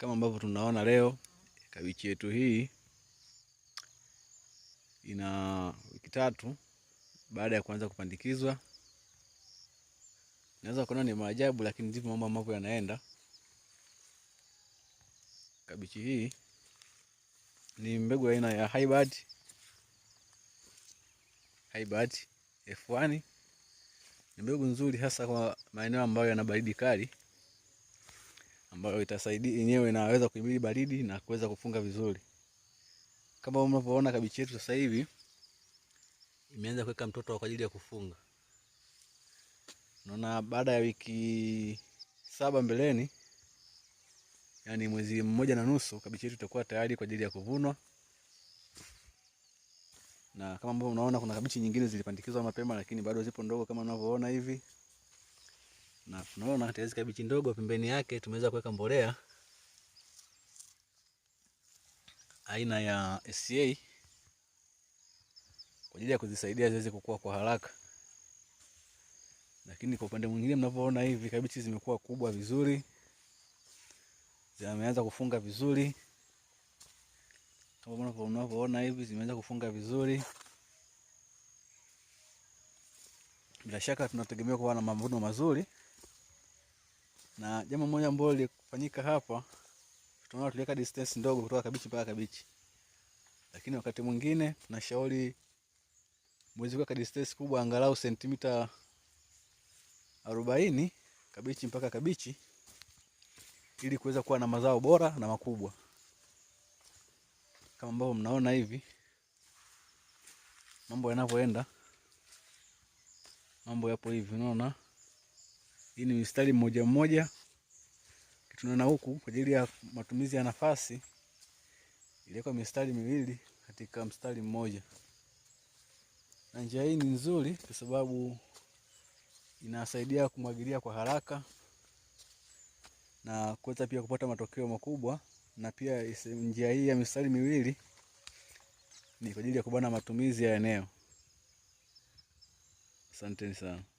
Kama ambavyo tunaona leo, kabichi yetu hii ina wiki tatu baada ya kuanza kupandikizwa. Naweza kuona ni maajabu, lakini ndivyo mambo ambavyo yanaenda. Kabichi hii ni mbegu aina ya Hybrid Hybrid F1 ni mbegu nzuri hasa kwa maeneo ambayo yana baridi kali ambayo itasaidia yenyewe inaweza kuhimili baridi na kuweza kufunga vizuri. Kama mnavyoona kabichi yetu sasa hivi imeanza kuweka mtoto kwa ajili ya kufunga. Naona baada ya wiki saba mbeleni, yani mwezi mmoja na nusu, kabichi yetu itakuwa tayari kwa ajili ya kuvunwa. Na kama ambavyo unaona kuna kabichi nyingine zilipandikizwa mapema, lakini bado zipo ndogo kama unavyoona hivi na tunaona katika hizi kabichi ndogo pembeni yake tumeweza kuweka mbolea aina ya SCA kwa ajili ya kuzisaidia ziweze kukua kwa haraka. Lakini kwa upande mwingine, mnapoona hivi kabichi zimekuwa kubwa vizuri, zimeanza kufunga vizuri, kama unavyoona hivi zimeanza kufunga vizuri. Bila shaka tunategemea kuwa na mavuno mazuri. Na jambo moja ambalo lilifanyika hapa, tunaona tuliweka distance ndogo kutoka kabichi mpaka kabichi, lakini wakati mwingine tunashauri mwezi kuweka distance kubwa, angalau sentimita arobaini kabichi mpaka kabichi, ili kuweza kuwa na mazao bora na makubwa kama ambavyo mnaona hivi mambo yanavyoenda, mambo yapo hivi, unaona. Hii ni mistari mmoja mmoja, tunaona huku kwa ajili ya matumizi ya nafasi iliwekwa mistari miwili katika mstari mmoja, na njia hii ni nzuri kwa sababu inasaidia kumwagilia kwa haraka na kuweza pia kupata matokeo makubwa. Na pia njia hii ya mistari miwili ni kwa ajili ya kubana matumizi ya eneo. Asanteni sana.